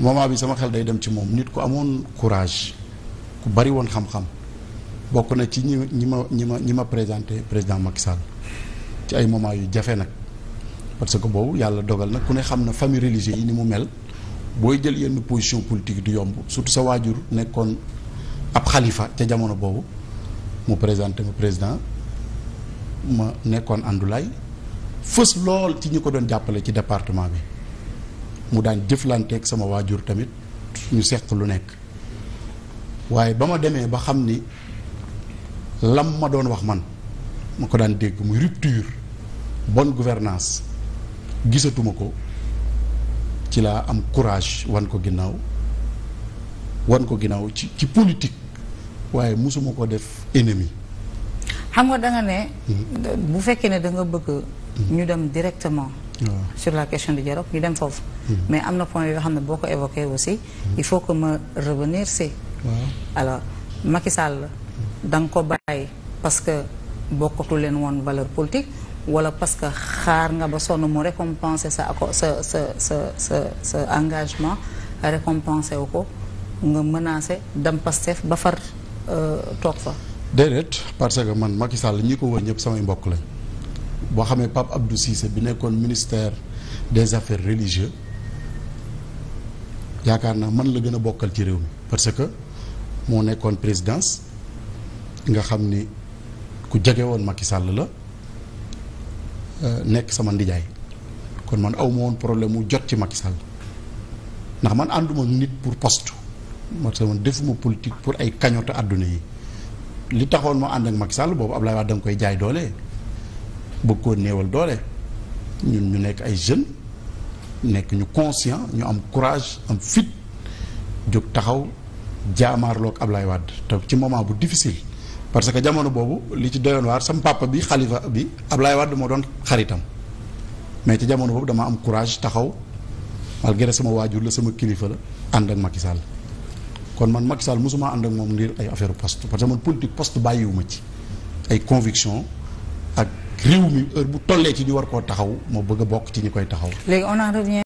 moment bi sama xel day dem ci moom nit ku amoon courage ku bari woon xam-xam bokk na ci ñi ñi ma ñi ma ñi ma présenté président Macky Sall ci ay moment yu jafe nag parce que boobu yàlla dogal nag ku ne xam na famille religieuse yi ni mu mel booy jël yenn position politique du yomb surtout sa waajur nekkoon ab xalifa ca jamono boobu mu présenté ma président ma nekkoon àndulaay fës lool ci ñu ko doon jàppale ci département bi mu daan jëflanteek sama waajur tamit ñu seq lu nekk waaye ba ma demee ba xam ni lam ma doon wax man ma ko daan dégg muy rupture bon gouvernance gisatuma ko ci laa am courage wan ko ginnaaw wan ko ginnaaw ci ci politique waaye mosuma ko def ennemi. xam nga da ne. Hmm. bu fekkee ne da nga bëgg. Hmm. ñu dem directement. sur la question du dialogue ñu dem foofu hmm. mais am na point yoo xam ne boo ko évoqué aussi hmm. il faut que ma revenir si alors Macky Sall hmm. da nga ko bàyyi parce que bokkatu leen woon valeur politique wala parce que xaar nga ba sonn mu récompenser sa sa sa sa sa sa engagement récompenser wu ko nga menacé dem Pastef ba far euh, toog fa déedéet parce que man Macky Sall ñi ko wër ñëpp samay mbokk lañ boo xamee Pape Abdou Cissé bi nekkoon ministère des affaires religieuses yaakaar naa man la gën a bokkal ci réew mi parce que moo nekkoon présidence nga xam ni ku jege woon Macky Sall la nekk sama ndijaay kon man aw ma woon problème mu jot ci Macky Sall ndax man ànduma nit pour poste man sama defuma politique pour ay kañota àdduna yi li taxoon ma ànd ak Macky Sall boobu Ablaye Wade da nga koy jaay doole. bëgg koo néewal doole ñun ñu nekk ay jeunes nekk ñu conscient ñu am courage am fit jóg taxaw jaamaarloog lay Wade te ci moment bu difficile parce que jamono boobu li ci doyoon waar sam papa bi xalifa bi Ablaye Wade moo doon xaritam mais ci jamono boobu dama am courage taxaw malgré sama waajur la sama kilifa la ànd ak Macky Sall kon man Macky Sall mosuma ànd ak moom ngir ay affaire poste parce que man politique poste bàyyiwuma ci ay conviction ak riw mi heure bu tollee ci ñu war koo taxaw moo bëgg a bokk ci ñi koy taxaw. léegi on en revient